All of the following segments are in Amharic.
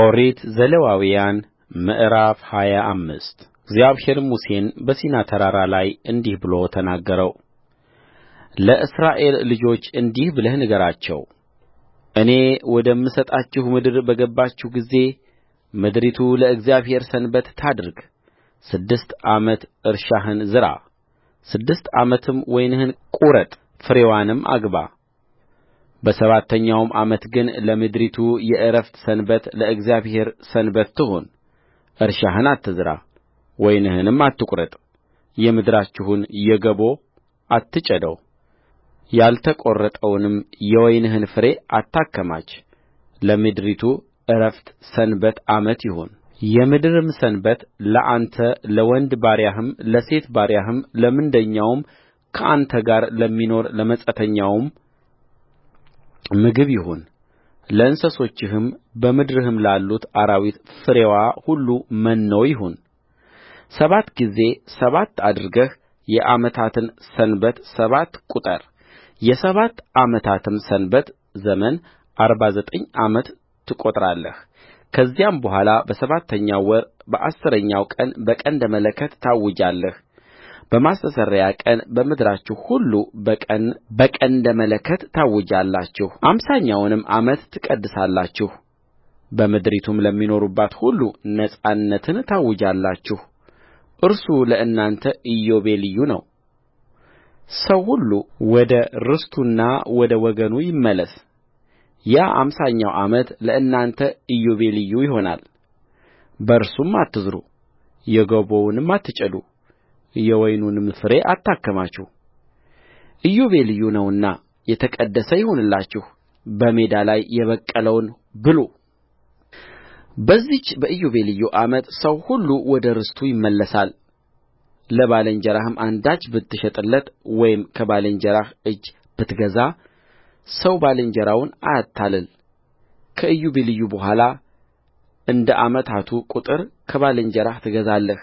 ኦሪት ዘሌዋውያን ምዕራፍ ሃያ አምስት እግዚአብሔርም ሙሴን በሲና ተራራ ላይ እንዲህ ብሎ ተናገረውለእስራኤል ልጆች እንዲህ ብለህ ንገራቸው እኔ ወደምሰጣችሁ ምድር በገባችሁ ጊዜ ምድሪቱ ለእግዚአብሔር ሰንበት ታድርግ ስድስት ዓመት እርሻህን ዝራ ስድስት ዓመትም ወይንህን ቁረጥ ፍሬዋንም አግባ በሰባተኛው ዓመት ግን ለምድሪቱ የዕረፍት ሰንበት ለእግዚአብሔር ሰንበት ትሁን እርሻህን አትዝራ ወይንህንም አትቍረጥ የምድራችሁን የገቦ አትጨደው ያልተቈረጠውንም የወይንህን ፍሬ አታከማች ለምድሪቱ ዕረፍት ሰንበት ዓመት ይሁን የምድርም ሰንበት ለአንተ ለወንድ ባሪያህም ለሴት ባሪያህም ለምንደኛውም ከአንተ ጋር ለሚኖር ለመጻተኛውም ምግብ ይሁን ለእንስሶችህም በምድርህም ላሉት አራዊት ፍሬዋ ሁሉ መኖ ይሁንሰባት ጊዜ ሰባት አድርገህ የዓመታትን ሰንበት ሰባት ቍጠር የሰባት ዓመታትም ሰንበት ዘመን አርባ ዘጠኝ ዓመት ትቈጥራለህ ከዚያም በኋላ በሰባተኛው ወር በአሥረኛው ቀን በቀንደ መለከት ታውጃለህ በማስተስረያ ቀን በምድራችሁ ሁሉ በቀን በቀንደ መለከት አምሳኛውንም ዓመት ትቀድሳላችሁ በምድሪቱም ለሚኖሩባት ሁሉ ነጻነትን ታውጃላችሁ እርሱ ለእናንተ ኢዮቤልዩ ነው ሰው ሁሉ ወደ ርስቱና ወደ ወገኑ ይመለስ ያ አምሳኛው ዓመት ለእናንተ ኢዮቤልዩ ይሆናል በእርሱም አትዝሩ የገቦውንም አትጨዱ የወይኑንም ፍሬ አታከማቹ ኢዮቤልዩ ነውና የተቀደሰ ይሁንላችሁ በሜዳ ላይ የበቀለውን ብሉ በዚች በኢዮቤልዩ ዓመት ሰው ሁሉ ወደ ርስቱ ይመለሳል። ለባልንጀራህም አንዳች ብትሸጥለት ወይም ከባልንጀራህ እጅ ብትገዛ ሰው ባልንጀራውን አያታልል። ከኢዮቤልዩ በኋላ እንደ ዓመታቱ ቍጥር ከባልንጀራህ ትገዛለህ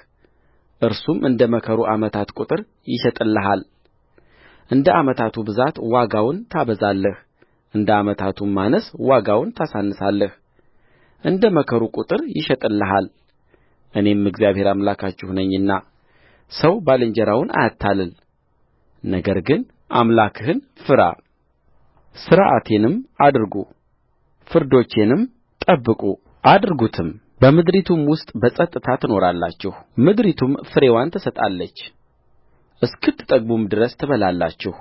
እርሱም እንደ መከሩ ዓመታት ቍጥር ይሸጥልሃልእንደ ዓመታቱ ብዛት ዋጋውን ታበዛለህ እንደ ዓመታቱም ማነስ ዋጋውን ታሳንሳለህ እንደ መከሩ ቍጥር ይሸጥልሃል እኔም እግዚአብሔር አምላካችሁ ነኝና ሰው ባልንጀራውን አያታልል ነገር ግን አምላክህን ፍራ ሥርዓቴንም አድርጉ ፍርዶቼንም ጠብቁ አድርጉትም በምድሪቱም ውስጥ በጸጥታ ትኖራላችሁ ምድሪቱም ፍሬዋን ትሰጣለች እስክትጠግቡም ድረስ ትበላላችሁ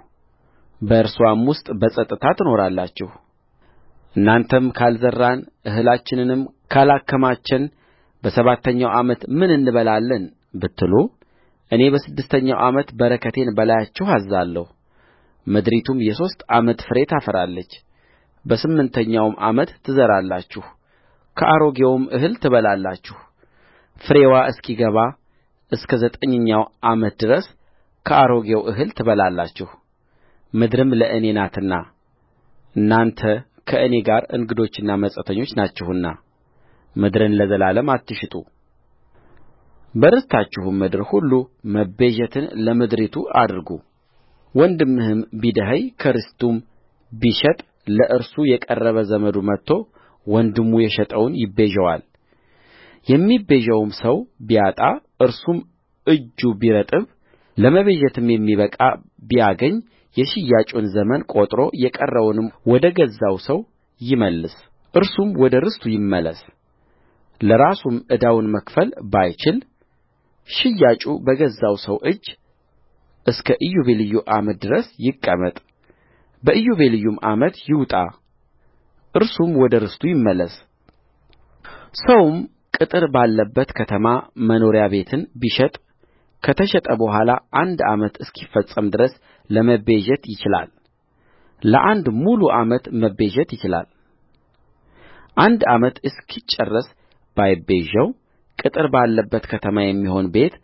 በእርስዋም ውስጥ በጸጥታ ትኖራላችሁ እናንተም ካልዘራን እህላችንንም ካላከማቸን በሰባተኛው ዓመት ምን እንበላለን ብትሉ እኔ በስድስተኛው ዓመት በረከቴን በላያችሁ አዝዛለሁ ምድሪቱም የሦስት ዓመት ፍሬ ታፈራለች በስምንተኛውም ዓመት ትዘራላችሁ ከአሮጌውም እህል ትበላላችሁ ፍሬዋ እስኪገባ እስከ ዘጠኝኛው ዓመት ድረስ ከአሮጌው እህል ትበላላችሁ ምድርም ለእኔ ናትና እናንተ ከእኔ ጋር እንግዶችና መጻተኞች ናችሁና ምድርን ለዘላለም አትሽጡ በርስታችሁም ምድር ሁሉ መቤዠትን ለምድሪቱ አድርጉ ወንድምህም ቢደኸይ ከርስቱም ቢሸጥ ለእርሱ የቀረበ ዘመዱ መጥቶ ወንድሙ የሸጠውን ይቤዠዋል የሚቤዠውም ሰው ቢያጣ እርሱም እጁ ቢረጥብ ለመቤዠትም የሚበቃ ቢያገኝ የሽያጩን ዘመን ቈጥሮ የቀረውን ወደ ገዛው ሰው ይመልስ እርሱም ወደ ርስቱ ይመለስለራሱም ዕዳውን መክፈል ባይችል ሽያጩ በገዛው ሰው እጅ እስከ ኢዮቤልዩ ዓመት ድረስ ይቀመጥ በኢዮቤልዩም ዓመት ይውጣ እርሱም ወደ ርስቱ ይመለስሰውም ቅጥር ባለበት ከተማ መኖሪያ ቤትን ቢሸጥ ከተሸጠ በኋላ አንድ ዓመት እስኪፈጸም ድረስ ለመቤዠት ይችላል ለአንድ ሙሉ ዓመት መቤዠት ይችላል አንድ ዓመት እስኪጨረስ ባይቤዠው ቅጥር ባለበት ከተማ የሚሆን ቤት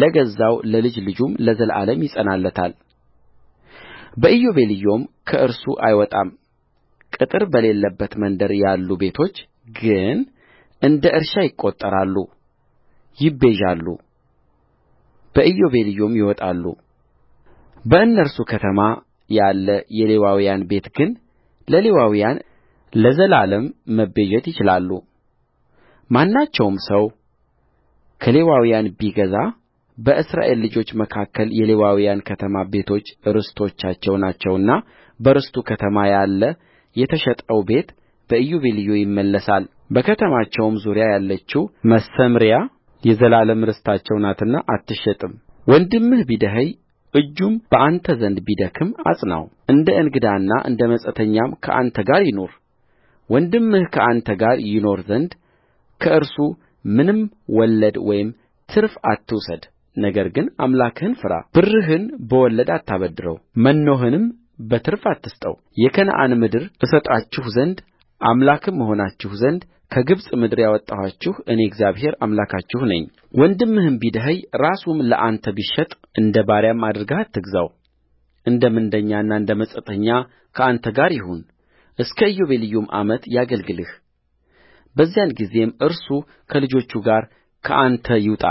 ለገዛው ለልጅ ልጁም ለዘላለም ይጸናለታል በኢዮቤልዩም ከእርሱ አይወጣም ቅጥር በሌለበት መንደር ያሉ ቤቶች ግን እንደ እርሻ ይቈጠራሉ ይቤዣሉ በኢዮቤልዩም በእነርሱ ከተማ ያለ የሌዋውያን ቤት ግን ለሌዋውያን ለዘላለም መቤዠት ይችላሉ ማናቸውም ሰው ከሌዋውያን ቢገዛ በእስራኤል ልጆች መካከል የሌዋውያን ከተማ ቤቶች ርስቶቻቸው ናቸውና በርስቱ ከተማ ያለ የተሸጠው ቤት በኢዮቤልዩ ይመለሳል በከተማቸውም ዙሪያ ያለችው መሰምርያ የዘላለም ርስታቸው ናትና አትሸጥምወንድምህ ቢደኸይ እጁም በአንተ ዘንድ ቢደክም አጽናው እንደ እንግዳና እንደ መጻተኛም ከአንተ ጋር ይኑር ወንድምህ ከአንተ ጋር ይኖር ዘንድ ከእርሱ ምንም ወለድ ወይም ትርፍ አትውሰድ ነገር ግን አምላክህን ፍራ ብርህን በወለድ አታበድረው መኖህንም በትርፍ አትስጠው የከነዓን ምድር እሰጣችሁ ዘንድ አምላክም እሆናችሁ ዘንድ ከግብፅ ምድር ያወጣኋችሁ እኔ እግዚአብሔር አምላካችሁ ነኝወንድምህም ቢደኸይ ራሱም ለአንተ ቢሸጥ እንደ ባሪያም አድርገህ አትግዛው እንደ ምንደኛና እንደ መጻተኛ ከአንተ ጋር ይሁን እስከ ኢዮቤልዩም ዓመት ያገልግልህ በዚያን ጊዜም እርሱ ከልጆቹ ጋር ከአንተ ይውጣ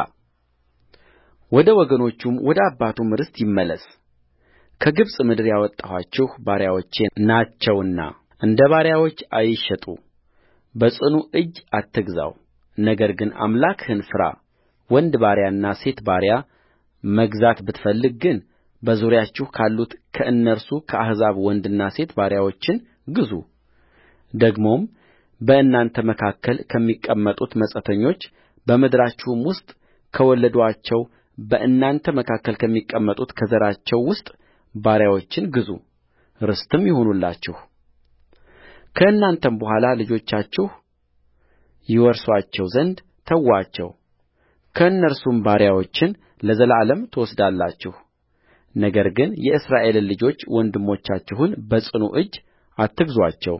ወደ ወገኖቹም ወደ አባቱም ርስት ይመለስ ከግብፅ ምድር ያወጣኋቸው ባሪያዎቼ ናቸውና እንደ ባሪያዎች አይሸጡ በጽኑ እጅ አትግዛው ነገር ግን አምላክህን ፍራ ወንድ ባሪያና ሴት ባሪያ መግዛት ብትፈልግ ግን በዙሪያችሁ ካሉት ከእነርሱ ከአሕዛብ ወንድና ሴት ባሪያዎችን ግዙ ደግሞም በእናንተ መካከል ከሚቀመጡት መጻተኞች በምድራችሁም ውስጥ ከወለዱአቸው በእናንተ መካከል ከሚቀመጡት ከዘራቸው ውስጥ ባሪያዎችን ግዙ ርስትም ከእናንተም በኋላ ልጆቻችሁ ይወርሱአቸው ዘንድ ተዉአቸው ከእነርሱም ባሪያዎችን ለዘላለም ትወስዳላችሁ ነገር ግን የእስራኤልን ልጆች ወንድሞቻችሁን በጽኑ እጅ አትግዙአቸው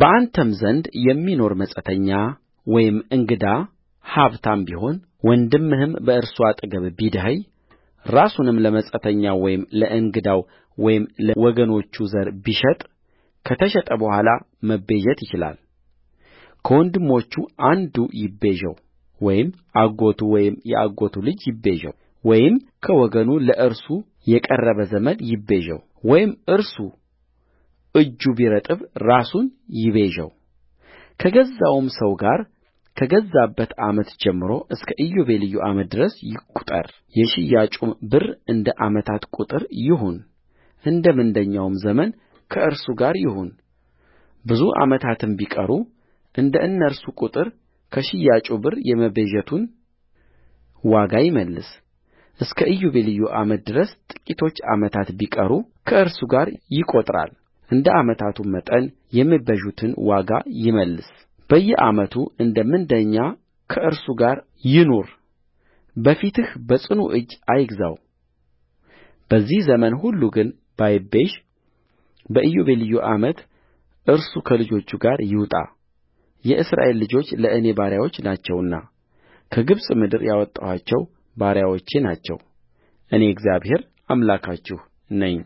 በአንተም ዘንድ የሚኖር መጻተኛ ወይም እንግዳ ሀብታም ቢሆን ወንድምህም በእርሱ አጠገብ ቢደኸይ ራሱንም ለመጻተኛው ወይም ለእንግዳው ወይም ለወገኖቹ ዘር ቢሸጥ ከተሸጠ በኋላ መቤዠት ይችላል ከወንድሞቹ አንዱ ይቤዠው ወይም አጎቱ ወይም የአጎቱ ልጅ ይቤዠው ወይም ከወገኑ ለእርሱ የቀረበ ዘመድ ወይም እርሱ እጁ ቢረጥብ ራሱን ይቤዠው ከገዛውም ሰው ጋር ከገዛበት ዓመት ጀምሮ እስከ ኢዮቤልዩ ዓመት ድረስ ይቍጠር የሽያጩም ብር እንደ ዓመታት ቍጥር ይሁን እንደ ምንደኛውም ዘመን ከእርሱ ጋር ይሁን ብዙ ዓመታትም ቢቀሩ እንደ እነርሱ ቍጥር ከሽያጩ ብር የመቤዠቱን ዋጋ ይመልስ እስከ ኢዮቤልዩ ዓመት ድረስ ጥቂቶች ዓመታት ቢቀሩ ከእርሱ ጋር ይቈጥራል እንደ ዓመታቱም መጠን የመቤዠቱን ዋጋ ይመልስ በየዓመቱ እንደ ምንደኛ ከእርሱ ጋር ይኑር በፊትህ በጽኑ እጅ አይግዛው! በዚህ ዘመን ሁሉ ግን ባይቤዥ በኢዮቤልዩ ዓመት እርሱ ከልጆቹ ጋር ይውጣ የእስራኤል ልጆች ለእኔ ባሪያዎች ናቸውና ከግብፅ ምድር ያወጣኋቸው ባሪያዎቼ ናቸው እኔ እግዚአብሔር አምላካችሁ ነኝ